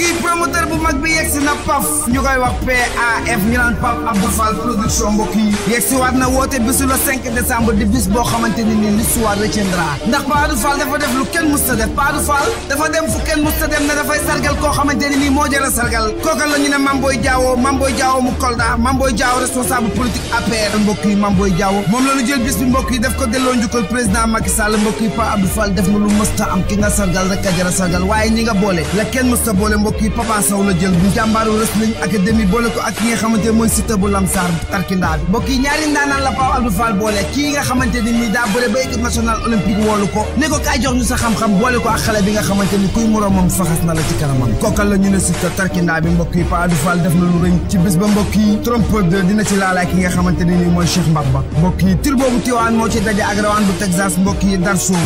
keep promoting. mag bi yegsi na paf ñu koy wax PAF ñu naan Pape Abdou ndax Pape Abdou Fall dafa def lu kenn musta def Pape Abdou dafa dem fu kenn musta dem dafay sargal koo xamante ni nii moo jël a sargal kooka la ñu ne Mamboy Diawo Mamboy Diawo mu Kolda Mamboy Diawo responsable politique APR mbokk yi Mamboy Diawo moom la ñu jël bis bi def ko delloo njukkal président Macky Sall mbokk yi Pape Abdou Fall def na lu musta am sargal rek a a sargal waaye ñi nga boole la kenn musta boole mbokk jël bu jàmbaaru wrestling académie boole ko ak ki nga xamante mooy Siteu bu tarkindaa bi mbokk yi ñaari la Pape Abdou boole kii nga xamante ni nii daa bëre ba équipe nationale olympique woolu ko ne ko ñu sa xam-xam boole ko ak xale nga xamante kuy moroomam faxas na ci kanamam kookal la ñu ne Siteu tarkindaa bi mbokk yi Pape Abdou lu rëñ ci bis ba mbokk yi dina ci laalaay ak rawaan bu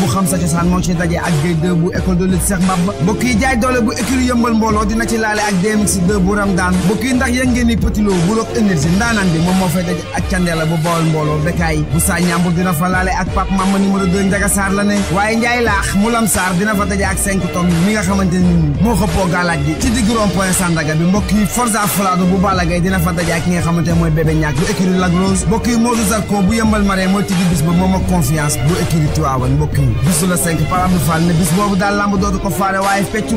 bu xam sa cosaan moo ci daje DMX 2 bu Ramdaan bokk yi ndax yéen ngeen ni Petit bu Rock Énergie ndaanaan bi moom moo fay daje ak Candela bu Bawol mbooloo Bekaay bu Saa Ñambu dina fa laale ak Pape Mama numéro 2 Njaga Saar waaye Njaay Laax mu Lam Saar dina fa daje ak 5 tonnes mi nga xamante moo xëppoo gaalaaj gi ci digg rond Sandaga bi mbokk yi Forza bu Balla Gaye dina fa daje ak ki nga mooy Bébé ak bu écurie Tivaouane mbokk yi bisu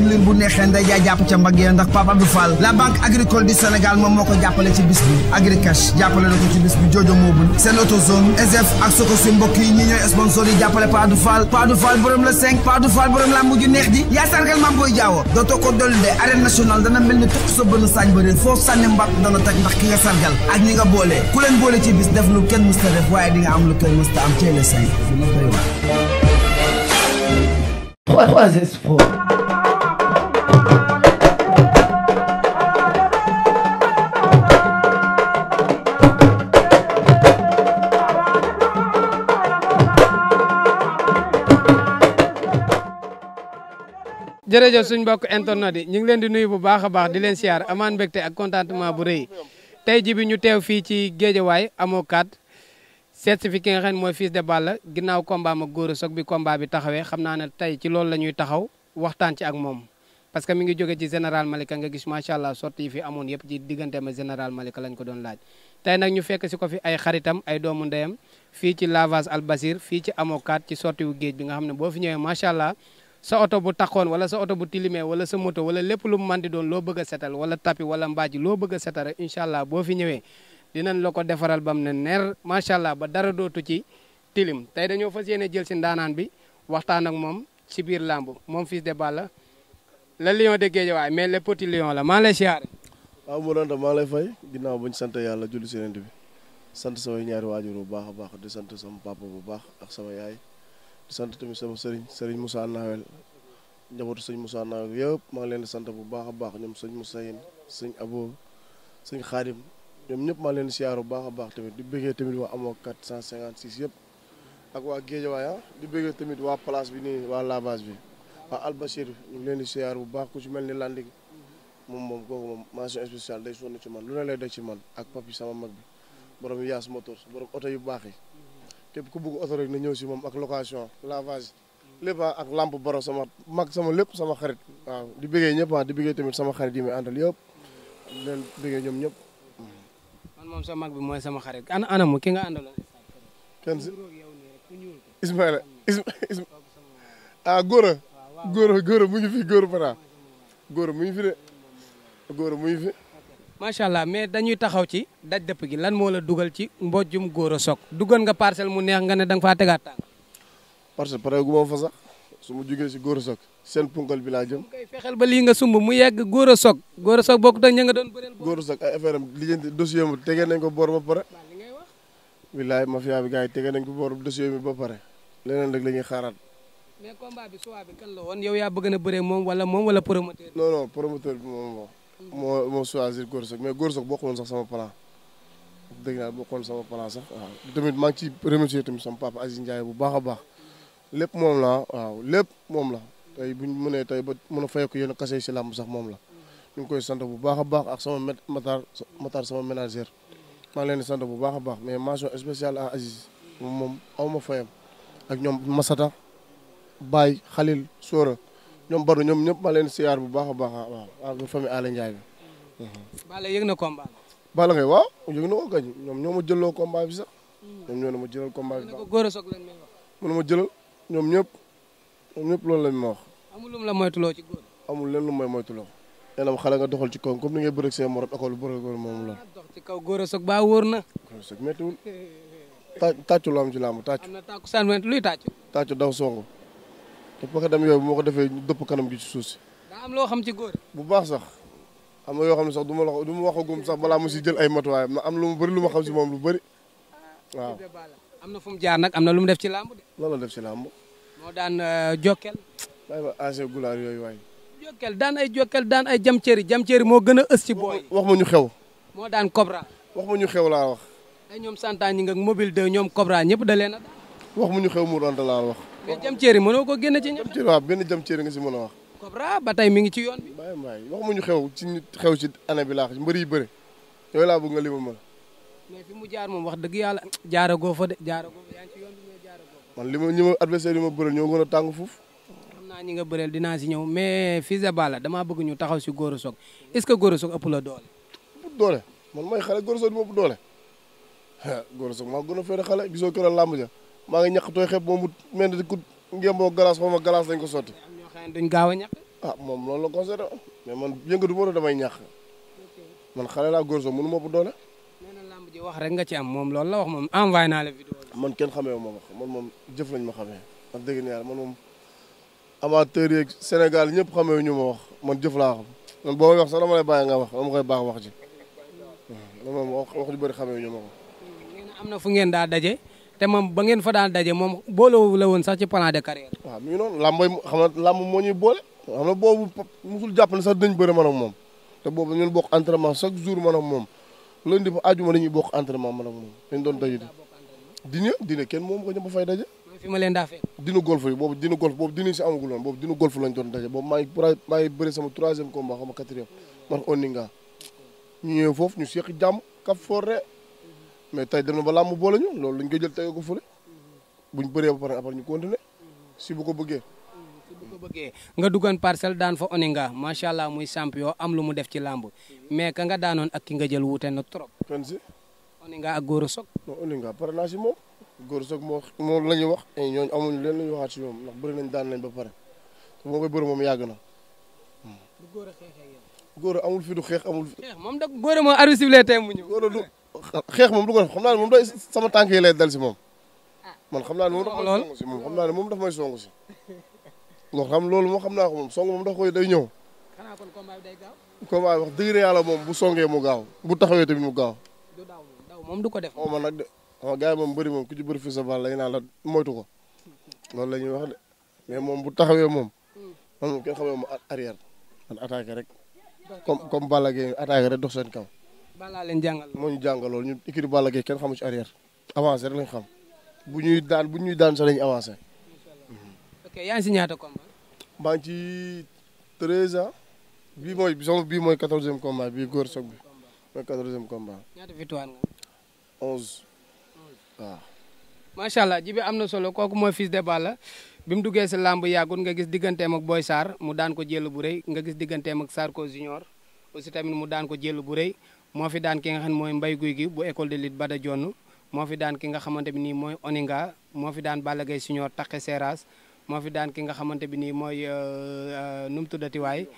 la bu neexee Abdou Fall la banque agricole du Sénégal moom moo ko ci bis Agricash jàppale na bi Jojo Mobile seen autozone SDF ak soko su mbokk ñi ñooy sponsor yi jàppale Pa Abdou la 5 Pa Abdou Fall la mujj neex ji yaa sargal maam booy jaawoo dootoo ko dolli de dana mel ni tukk sa bënn saañ ba réer foo sànni mbatt dana toj ndax ki nga sargal ak ñi nga boole ku leen boole ci bis def lu kenn mës ta di nga am lu kenn mës jërëjëf suñ mbokk internet yi ñu ngi leen di nuyu bu baax a baax di leen siyaar amaan mbégte ak contentement bu rëy tey ji bi ñu teew fii ci géejawaay amoo kat seet si fi nga xam ne mooy Fils de Balla ginnaaw combat ma góor bi combat bi taxawee xam naa ne tey ci loolu la ñuy taxaw waxtaan ci ak moom parce que mu ngi jóge ci général Malika nga gis macha allah sorti yi fi amoon yëpp ci diggante ma général Malika lañ ko doon laaj tey nag ñu fekk si ko fi ay xaritam ay doomu ndeyam fii ci lavage albasir fii ci amokat ci sorti géej bi nga xam ne boo fi ñëwee macha allah sa oto bu taxoon wala sa oto bu tilimee wala sa moto wala lépp lu mu mën di doon loo bëgg a setal wala tapi wala mbaaji loo bëgg a setal rek incha allah boo fi ñëwee dinañ la ko defaral ba mu ne ner macha allah ba dara dootu ci tilim tey dañoo fas yéene jël si ndaanaan bi waxtaan ak moom si biir làmb moom Fils de Balla la lion de Guédiawaye mais le petit lion la maa lay siyaare. waaw Moranta maa lay fay ginnaaw bu ñu sant yàlla julli si bi sant samay ñaari waajur bu baax a baax di sant sama papa bu baax ak sama di sant tamit sama sëriñ sëriñ Moussa Nawel njabootu sëñ Moussa Nawel yëpp maa leen sant bu baax a baax ñoom sëñ Moussa yéen sëñ Abo sëñ Xaadim ñoom ñëpp maa leen di bu baax a baax tamit di bëggee tamit waa amoo 456 yëpp ak waa Géejawaay ah, di bëggee tamit waa place bi nii waa Labas bi waa Albasir ñu ngi leen di siyaaru bu baax ku ci mel ni Landing moom moom kooku moom mention spéciale day sonn ci man lu ne lay def ci man ak papi sama mag bi borom yaas motor borom oto yu baax yi képp ku bugg oto rek na ñëw si moom ak location lavage lépp ah, ak lampe boro sama mag sama lépp sama xarit waaw di bëggee ñëpp ah di bëggee tamit sama xarit yi may àndal yëpp di leen bëggee ñoom ñëpp. man moom sama mag bi mooy sama xarit ana anamu ki nga àndaloon. kenn si Ismaïla Isma ah Gora. mu ngi fi Gora Fara Gora mu ngi fi. macha allah mais dañuy taxaw ci daj dëpp gi lan moo la dugal ci mbojjum góor a soog nga parcelle mu neex nga ne danga nga faa tegaat tànk parce que pare gu ma sax su ma jugee si góor a soog seen punkal bi laa jëm koy fexeel ba lii nga sumb mu yegg góor a soog góor a soog bokk da nga doon bëreel góor a soog ay affaire am nañ ko boor ba pare bilaay mafia bi gars yi tegee nañ ko boor dossier bi ba pare leneen rek la ñuy xaaraat mais combat bi suwaa bi la woon yow yaa bëgg na bëree moom wala moom wala promoteur non non promoteur bi moo moo choisir góor soog mais góor soog bokkoon sax sama plan dëgg naa bokkoon sama plan sax waaw tamit maa ngi ci remercier tamit sama papa Aziz Ndiaye bu baax a baax lépp moom la waaw lépp moom la tey bu ñu mënee tey ba mën a fay ko yéen a kase si làmb sax moom la ñu koy sant bu baax a baax ak sama matar matar sama ménagère maa ngi leen di sant bu baax a baax mais mention spéciale à moom moom aw ma fayam ak ñoom Masata baay Khalil Sora ñoom Badou ñoom ñëpp ma leen siyaar bu baax a baax waaw waaw a famille Alé Ndiaye bi. Balla yëg na combat. Balla Gaye waaw yëg na ñoom ñoo ma jëloo combat bi sax. ñoom ñoo ne ma jëlal combat bi. mu ne ko góor a soog leen ma jëlal ñoom ñëpp ñoom ñëpp loolu lañ ma wax. amul la moytuloo ci amul lenn lu may moytuloo. nee na xale nga doxal ci kaw comme ni ngay bëreeg seen morom école bu bëreeg moom la. Ah, dox ci kaw góor a soog ba wóor na. góor a soog méttiwul. am ci laa tàccu. am na tàccu sànni luy tàccu. tàccu daw songu te pakadam yooyu bu ma ko defee ñu dëpp kanam gi ci suuf si. daa am loo xam ci góor. bu baax sax am na yoo xam ne sax du ma la du ma waxagum sax balaa mu si jël ay matuwaayam ma am lu mu bëri lu ma xam si moom lu bëri ah, waaw. am na fu mu jaar nag am na lu mu def ci làmb de. lan la def ci làmb. moo daan euh, Jokkel. waaye ba AC Gulaar yooyu waay. Jokkel daan ay Jokkel daan ay Jamcëri Jamcëri moo gën a ës ci booy. wax ma ñu xew. moo daan Cobra. wax ma ñu xew laa wax. ay ñoom santaan ñi nga mobile de ñoom Cobra ñëpp da leen a. wax ma ñu xew mu doon laa wax. mais jam ceeri mënoo ko génn ci ñëpp. benn jam ceeri nga si mën a wax. Cobra ba tey mi ngi ci yoon bi. waaye waaye waxuma ñu xew ci nit xew ci année bi laa mbëri yu bëri yooyu laa bëgg nga mu jaar moom wax dëgg yàlla jaaragoo fa de jaaragoo li ma ñi ma adversaire yi ma bëreel ñoo gën a tàng foofu. xam naa ñi nga bëreel dinaa si ñëw mais Fils de Balla damaa bëgg ñu taxaw si Gora Sock est-ce que Gora Sock ëpp la doole. ëpp doole man may xale Gora Sock du ma ëpp doole Gora Sock maa gën a fere xale gisoo keroog làmb ja maa ngi ñàkk tooy xepp moom mu mel ni ku ngemboo glace xaw ma lañ ko sotti. a ñàkk. ah moom loolu la constaté mais man yëngatu ma damay ñàkk man xale laa góor soo mënu ma bu doole. na lamb wax rek nga ci am moom loolu la wax moom envoyé naa la vidéo man kenn xamee wu ma wax man moom jëf lañ ma xamee wax dëgg ne yàlla man moom amateur yeeg Sénégal ñëpp xamee wu ñu ma wax man jëf laa xam man boo may wax sax dama nga wax dama koy baax wax ji ma moom wax wax ju bëri xamee wu ñu ma ko. Hmm, am na fu ngeen daa daje. te ma ba ngeen fa daan daje moom booloo la woon sax ci plan de carrière. waaw mi ngi noonu làmb mooy boole xam nga boobu musul jàpp ne sax dinañ bëri man ak moom te boobu ñun bokk entraînement chaque ma man moom lundi ba bokk entraînement moom dañ doon daje dina dina kenn moom ko ñëpp a fay daje. fi ma daa fekk. dina golf yi boobu dina golf boobu dina si amagul woon boobu dina golf lañ doon daje boobu maa ngi maa ngi bëri sama troisième combat xam nga quatrième ñu ñëw foofu ñu seq jàmm kap foore mais tey dem na ba làmb boole ñu loolu lañ koy jël tege ko fële buñ bëree ba pare après ñu continuer si bu ko bëggee. si bu ko bëggee nga duggoon parcelle daan fa oninga macha allah muy champion am lu mu def ci làmb mais ka nga daanoon ak ki nga jël wuute na trop. kenn si. oninga góor a soog. non oninga pare naa góor soog moo moom la ñuy wax. ñooñu amuñu leen lu ñu waxaat si moom bëri nañ daan leen ba pare te moo koy bëri moom yàgg hmm. góor amul fi du xeex amul fi. moom da góor a moo arrosé tey mu ñëw. góor a du xeex moom du ko def xam naa ne moom day sama tànk lay dal si moom ah. man xam naa ne moom daf may songu si moom xam naa ne moom daf may songu si xam loolu moo xam naa ko moom song moom daf koy day ñëw combat bi wax dëgg yàlla moom bu songee mu gaaw bu taxawee tamit mu gaaw moom du ko def man nag de xam nga gars yi moom bëri moom ku ci bëri fi ko loolu la ñuy wax de mais moom bu taxawee moom hmm. man moom kenn xamee moom arrière man attaqué rek comme bala Balla Gaye rek dox seen kaw balaa leen jàngal moo ñu jàngalool ñu équipe Balla Gaye kenn xamu ci arrière avancé xam bu ñuy daan bu ñuy daan sax lañu avancé. ok yaa ngi si ci treize ans mooy sama bii mooy quatorzième combat soog bi mooy quatorzième combat. ñaata victoire nga. allah ji am na solo kooku mooy Fils de Balla bi mu duggee si làmb yàggut nga gis digganteem ak Boy Sarr mu daan ko jël bu rëy nga gis digganteem ak Sarko Junior aussi tamit mu daan ko jël bu moo fi daan ki nga xam ne mooy mbay guy gi bu école de lutte Bada Dione moo fi daan ki nga xamante bi nii mooy Oninga moo fi daan Balla Gaye Senior moo fi daan ki nga xamante bi nii mooy euh, euh, nu mu tuddati waay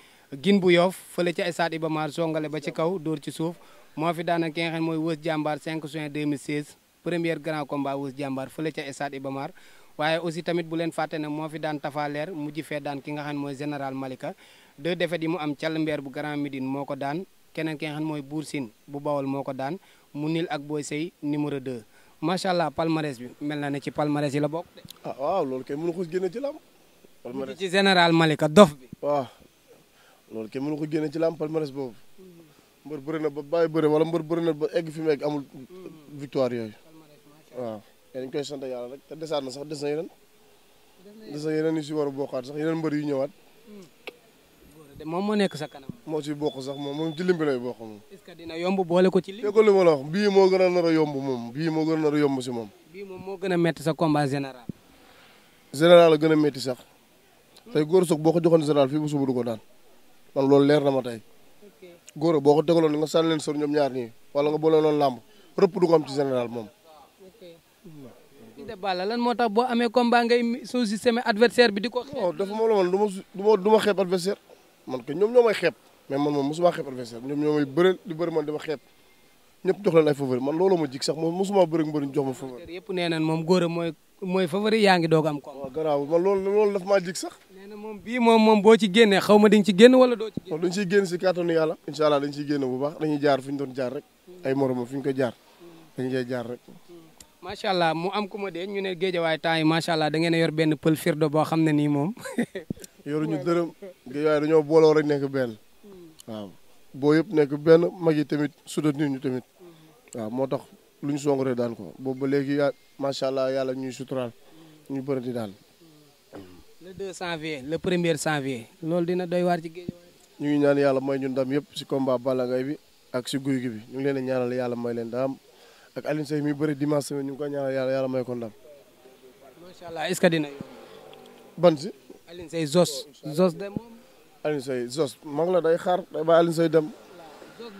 gin bu yoof fële ca stade Iba Mar songale ba ci kaw dóor ci suuf moo fi daan ki nga xam ne mooy Wës Jàmbaar 5 juin 2016 premier grand combat Wës Jàmbaar fële ca stade Iba Mar waaye aussi tamit bu leen fàtte na moo fi daan tafaleer mujj fee daan ki nga xam ne mooy général Malika deux défaites yi mu am Calambeer bu Grand Médine moo ko daan keneen ki xam mooy Bour Sine bu Bawol moo ko daan mu nil ak booy say numéro 2 macha allah palmarès bi mel na ne ci palmarès yi la bokk de. ah waaw loolu kay mënu ko génne ci lamb. palmarès ci général Malika dof loolu kay mënu ko génne ci lamb palmarès boobu. mbër bëri na ba bàyyi bëri wala mbër bëri na ba egg fi mu egg amul victoire yooyu. waaw dañ koy sant yàlla rek te desaat na sax des na yeneen. des na yeneen yu si war a bokkaat sax yeneen mbër yu ñëwaat. Hmm. moom moo nekk sa kanam. moo ci bokk sax moom moom ci lim bi moom. dina yomb boole ko ci lim. bii moo gën a nar a yomb moom bii moo gën a nar a yomb si moom. moom moo gën a métti sa sax tey góor soog boo ko joxoon général fii ko daan man loolu leer na ma tey. góor boo ko tegaloon nga sànni leen sor ñoom ñaar ñii wala nga boole loon làmb rëpp du ko am ci général moom. de Balla lan moo tax boo amee combat ngay sous bi di ko. non dafa ma la woon du xeeb adversaire. man ko ñoom ñoo may xeeb mais man moom mosuma xeeb adversaire ñoom ñoo may bëre di bëri man di ma xeeb ñëpp jox leen ay favori man looloo ma jig sax moom moom a ko waaw garaawul man loolu loolu daf maa jig sax nee na moom bii moom moom boo ci génnee xaw ma ci génn wala doo ci génn dañ ciy génn si kàttanu yàlla incha dañ ciy génn bu baax dañuy jaar fi ñu doon jaar rek ay moromam fi ñu ko jaar dañ koy jaar rek macha allah mu am ku ma dee ñu ne géejawaay temps yi macha allah da ngeen a yor benn pël firdo boo xam ne nii moom yoruñu dërëm géejawaay dañoo booloo rek nekk benn hmm. waaw boo yëpp nekk benn mag yi tamit soutenir ñu tamit hmm. waaw moo tax lu ñu song rek daan ko boobu ba léegi macha allah yàlla ñuy suturaal hmm. ñu bëri di daan. le 2 janvier le premier janvier loolu dina doy waar ci géejawaay. ñu ngi ñaan yàlla may ñu ndam yëpp si combat Balla Gaye bi ak si guy gi bi ñu ngi leen a ñaanal yàlla may leen daam ak Alioune Seye mi bëri dimanche semaine ñu ngi ko ñaanal yàlla yàlla may ko ndam. macha allah est Alioune Seye Zos. Zos de moom. Alioune Seye Zos mag la day xaar day bàyyi Alioune Seye dem.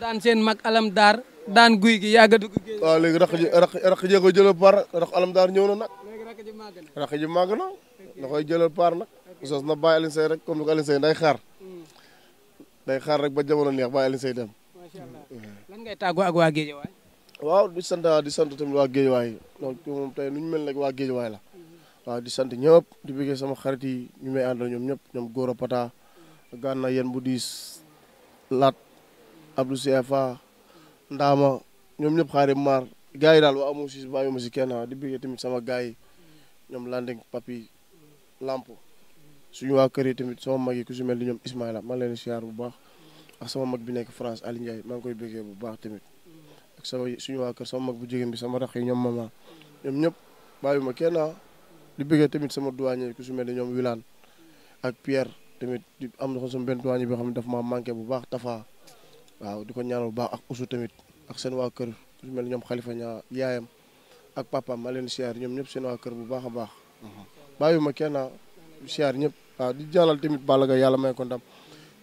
daan seen mag alam daar daan guy gi yàgg a dugg. waaw léegi rakk ji rakk rakk jee paar rakk alam daar ñëw na nag. léegi rakk ji màgg na rakk ji màgg na da koy na bàyyi Alioune Seye rek comme ni day xaar. Mm. day xaar rek ba jamono neex bàyyi Alioune Seye dem. macha allah mm. lan ngay tàggoo ak waa Géejawaay. waaw di sant di sant tamit waa Géejawaay donc moom tey nu ñu mel nag waa Géejawaay la waaw di sant ñëpp di bëggee sama xarit yi ñu may àndal ñoom ñëpp ñoom Gora Pata gànna yéen bu diis Lat Abdou CFA Ndaama ñoom ñëpp xaari maar gars yi daal waa amu si bàyyi ma si kenn di bëggee tamit sama gars yi ñoom Landing Papi Lamp suñu waa kër yi tamit sama mag yi ku si mel ni ñoom Ismaïla ma leen siyaar bu baax ak sama mag bi nekk France Ali Ndiaye maa ngi koy bëggee bu baax tamit ak suñu waa kër sama mag bu jigéen bi sama rax yi ñoom mama ñoom ñëpp bàyyi ma di bëggee tamit sama douanier ku su mel ne ñoom Wilane ak Pierre tamit di am na sama benn douanier boo xam ne daf maa manqué bu baax Tafa waaw di ko ñaanal bu baax ak Oussou tamit ak seen waa kër ku su mel ne ñoom xalifa ñaa yaayam ak papaam ma leen siyaar ñoom ñëpp seen waa kër bu baax a baax bàyyiwuma kenn ah, siyaar ñëpp waaw di jàllal tamit Balla yàlla may ko ndam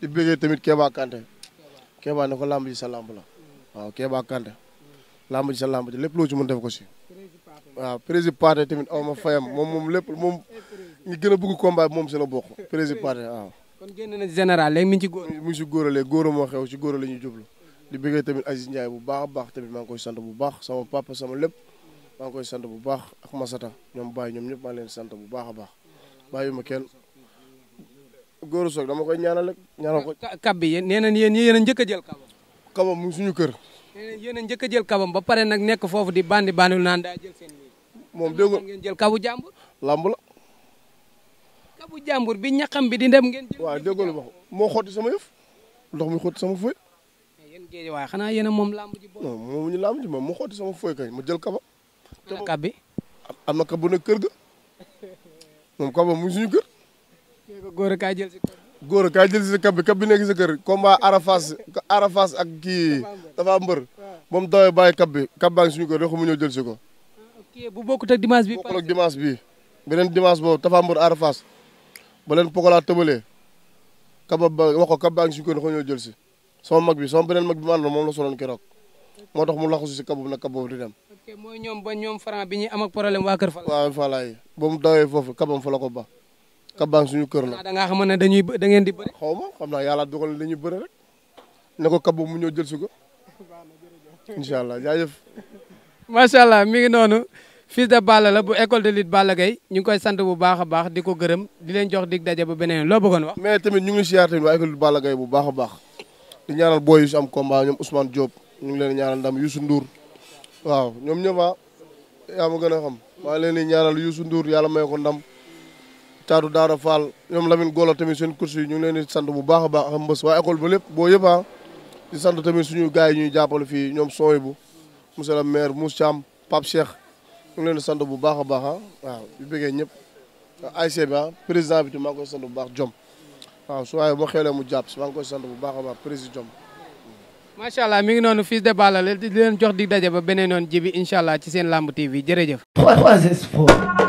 di bëggee tamit Kéba Kanté Kéba ne ko làmb ji sa làmb la waaw Kéba Kanté làmb sa làmb lépp loo ci mën def ko si waaw président Pathé tamit aw ma fayam moom moom lépp moom ñu gën a bëgg combat moom si la bokk président Pathé waaw. kon génn na général léegi mi ci góor. góorale moo xew si góor la ñuy jublu di bëggee tamit Aziz Ndiaye bu baax a baax tamit maa ngi koy sant bu baax sama papa sama lépp maa ngi koy sant bu baax ak Masata ñoom Baye ñoom ñëpp maa leen sant bu baax a baax bàyyiwuma kenn. ko. kab bi yéen nee nañ yéen a njëkk a jël kabam. kabam mu ngi suñu kër. yéen a njëkk a jël ba pare nag nekk foofu di bandi moom dégg nga ngeen jël kabu jàmbur. lamb kabu jàmbur bi ñaxam bi di dem ngeen. jël waaw déggoo ma moo xotti sama yëf ndox mi xotti sama fooy. yéen xanaa yéen moom lamb ji. non moomuñu lamb ji moom ma jël kaba. ana kab bi. am na kab kër ga moom kaba mu ngi suñu kër. góor a kaay jël si góor a kaay jël si kab bi bi nekk kër combat arafas arafas ak kii dafa mbër moom dawee bàyyi kab bi kab suñu kër rek mu ñëw jël si ko. bu bokkut ak dimanche bi bokkul ak dimanche bi beneen dimanche boobu Tapha Mbeur Ada Fass ba leen Pokola tëbalee kaba ba wax ko kaba ngi suñu ko ñëw jël si sama mag bi sama beneen mag bi ma àndoon moom la soloon keroog moo tax mu laxasu si kabu nag kabu di dem. ok ñoom ba ñoom franc bi ñuy am ak problème waa Kër Fala. waaw Fala fa la ko ba kabaa ngi suñu kër la. da ngaa xam ne dañuy da ngeen di bëri. xaw ma xam naa yàlla dogal na dañuy bëri rek ne ko kabu mu ñëw jël si ko incha allah macha allah mi ngi noonu fils de Balla la bu école de lutte Balla Gaye ñu ngi koy sant bu baax a baax di ko gërëm di leen jox di daje ba beneen loo bëggoon wax. mais tamit ñu ngi siyaar tamit waa école de Balla bu baaxa a baax di ñaanal booy yu si am combat ñoom Ousmane Diop ñu ngi leen ñaanal ndam Youssou Ndour waaw ñoom ñëpp ah, yaa ma gën a xam maa leen di ñaanal nduur Ndour yàlla may ko ndam caatu Daara Fall ñoom Lamine Golo tamit seen course yi ñu ngi leen di sant bu baax a baax xam mbës waa école ba lépp boo yëpp ah di sant tamit suñu gars yi ñuy jàppale fii ñoom sooy bu monsieur le maire Moussa Thiam Pape Cheikh ñu ngi leen bu baax a baax ah waaw di bëggee ñëpp ASC bi ah président bi maa ngi koy sant bu baax Diome waaw su waaye boo xeelee mu jàpp si maa ngi koy sant bu baax a baax président Diome. macha allah mi ngi noonu Fils de Balla la di leen jox dig daje ba beneen yoon ji bi incha allah ci seen lamb TV jërëjëf.